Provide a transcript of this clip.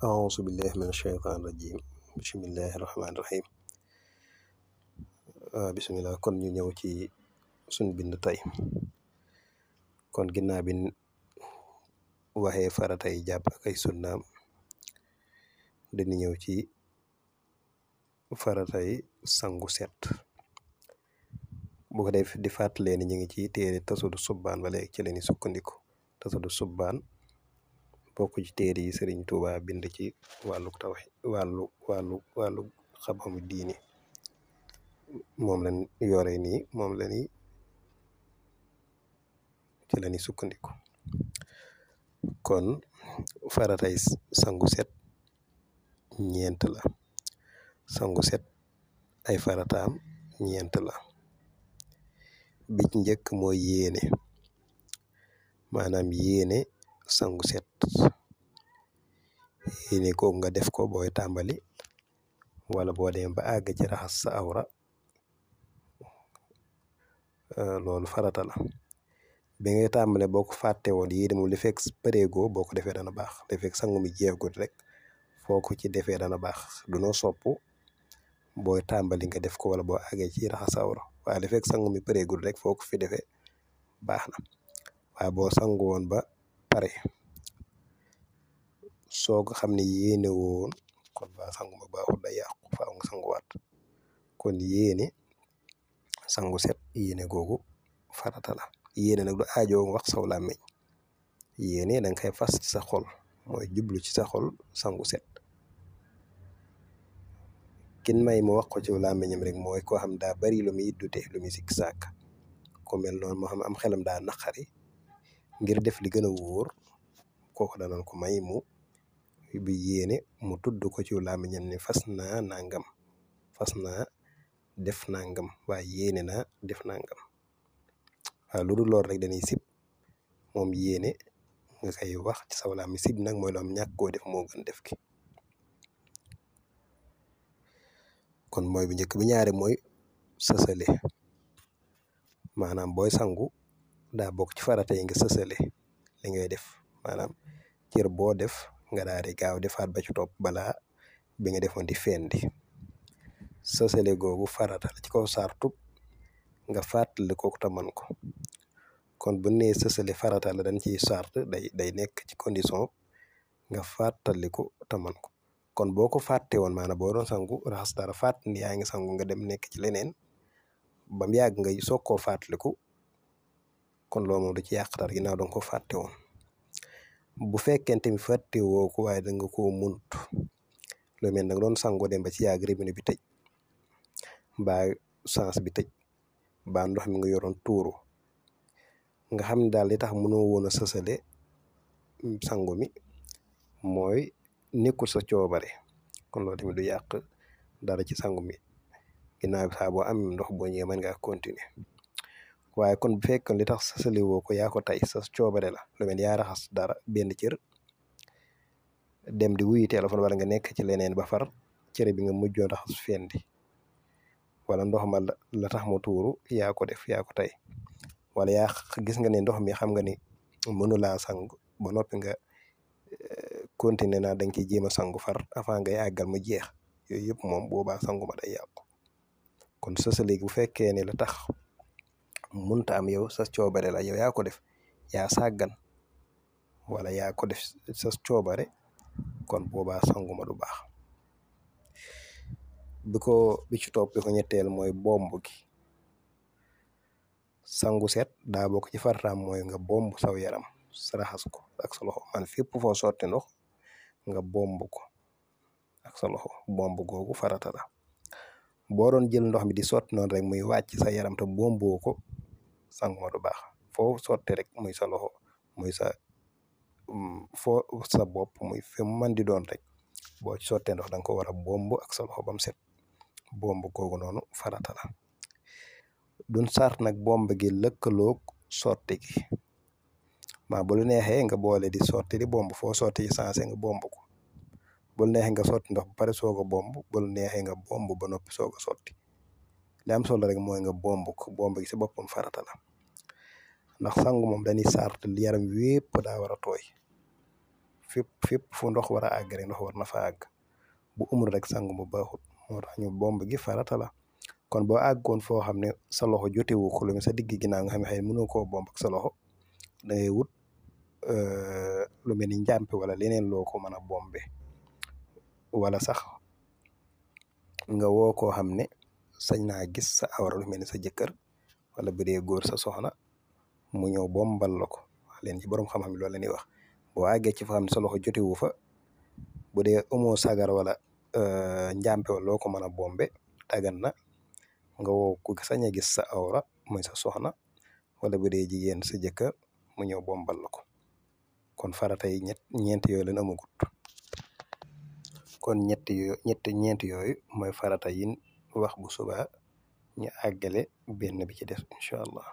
a billahi min asheytaan rajim bismillahi rahmaani rahim bismillah kon ñu ñëw ci suñ bind tey kon ginnaaw bi waxee faratay jàpp ak ay sunnaam dañu ñëw ci faratay sangu set bu ko fi di fàttalee ni ñu ngi ci téere tasadu subbaan ba léegi ci leeni sukkandiku tasadu subbaan bokk ci téere yi Serigne Touba bind ci wàllu tawxiid wàllu wàllu wàllu xam-xamu moom lañ yore nii moom la ñuy ci la sukkandiku kon faratay sangu set ñeent la sangu set ay farataam ñeent la bi ci njëkk mooy yéene sangu set yéene googu nga def ko booy tàmbali wala boo demee ba àgg ci raxas sa awra euh, loolu farata la ba ngay tàmbale boo ko fàtte woon yii moom li fekk pareegoo boo ko defee dana baax li sangu mi jeexgut rek foo ko ci defee dana baax du noo sopp booy tàmbali nga def ko wala boo àggee ci raxas sa awra waaye li sangu mi pareegul rek foo ko fi defee baax na waaye boo sangu woon ba pare soog xam ne yéene woon kon ba sangu ma baaxul day yàqu faaw nga sanguwaat kon yéene sangu set yéene googu farata la yéene nag du aajoo wax saw làmmiñ yéene da nga koy fas ci sa xol mooy jublu ci sa xol sangu set ken may mu wax ko ci làmmiñam rek mooy koo xam daa bari lu muy iddute lu muy sikk sàkk mel noonu am xelam daa naqari ngir def li gën a wóor kooku danañ ko may mu bi yéene mu tudd ko ci làmmiñam ni fas naa nangam fas na def nangam waaye yéene na def nangam waaw lu dul loolu rek dañuy sib moom yéene nga koy wax ci saw làmmiñ sib nag mooy lu am ñàkk koo def moo def ki kon mooy bu njëkk bi ñaare mooy sësale maanaam booy sangu daa bokk ci farata yi nga sësale li ngay def maanaam cër boo def nga daal di gaaw defaat ba ci topp balaa bi nga defoon di fendi sësale googu farata la ci kaw sartu nga fàttali ko te man ko kon bu nee sësale farata la dañ ciy sart day day nekk ci condition nga fàttali ko te man ko kon boo ko fàtte woon maanaam boo sangu raxas dara fàttali yaa ngi sangu nga dem nekk ci leneen bam yàgg nga soog koo fàttaliku kon loolu moom du ci yàq dara ginnaaw da nga ko fàtte woon bu fekkente ni fàtte woo ko waaye da nga koo munut lu mel ne doon sangoo dem ba ci yàgg robinet bi tëj mbaa sens bi tej ba ndox mi nga yoroon tuuru nga xam ne daal li tax mënoo woon a sësale sangu mi mooy nekkul sa coobare kon loolu tamit du yàq dara ci sangu mi ginnaaw bi saa boo am ndox boo ñëwee mën ngaa continuer. waaye kon bu fekkoon li tax sasali woo ko yaa ko tey sas coobare la lu mel yaa raxas dara benn cër dem di wuyu téléphone wala nga nekk ci leneen ba far cere bi nga mujjoon raxas fendi wala ndox ma la tax mu tuuru yaa ko def yaa ko tey wala yaa gis nga ne ndox mi xam nga ni mënu laa sangu ba noppi nga eh, continuer naa da nga ciy jéem a sangu far avant ngay àggal mu jeex yooyu yëpp moom boobaa sangu ma day yàqu kon sasali bu fekkee ne la tax munta am yow sa coobare la yow yaa ko def yaa sàggan wala yaa ko def sa coobare kon boobaa sanguma du baax bi ko bi ci topp ko ñetteel mooy bomb gi sangu set daa bokk ci farataam mooy nga bomb saw yaram saraxas ko ak sa loxo man fépp foo sotti ndox nga bomb ko ak sa loxo farata la boo doon jël ndox mi di sotti noonu rek muy wàcc sa yaram te bomboo ko sangu ma du baax foo sotti rek muy sa loxo muy sa mm, foo sa bopp muy fi mu mën di doon rek boo ci sottee ndox danga nga ko war a bomb ak sa loxo ba mu set bomb googu noonu farata la duñ sart nag bomb gi lëkkaloog sotti gi ma bu lu neexee nga boole di sotti di bomb foo sotti ci nga bomb ko bu neexee nga sotti ndox ba pare soog a bomb bu neexee nga bomb ba noppi soog a sotti. li solo rek mooy nga bomb ko bomb boppam farata la ndax sangu moom dañuy sart yaram wépp daa war a tooy fépp fu ndox war a àgg rek ndox war na fa àgg bu umul rek sangu mu baaxut moo tax ñu bomb gi farata la kon boo àggoon foo xam ne sa loxo jotewu ko lu sa digg ginnaaw nga xam ne xëy mënoo koo bomb ak sa loxo da ngay wut euh, lu mel wala leneen loo ko mën a bombe wala sax nga woo koo xam ne sañ naa gis sa awra lu mel ni sa jëkkër wala bu dee góor sa soxna mu ñëw bombal la ko wax leen ci borom xam-xam loolu la ñuy wax boo àggee ci fa xam ne sa loxo jotewu fa bu dee amoo sagar wala euh, njàmpe wala loo ko mën a bombe dagan na nga woo ku sañ a gis sa awra muy sa soxna wala bu dee jigéen sa jëkkër mu ñëw bombal la ko kon faratay ñett ñeent yooyu lañ amagut ñeent yooyu wax bu soba ñu àggale benn bi ci des incha allah.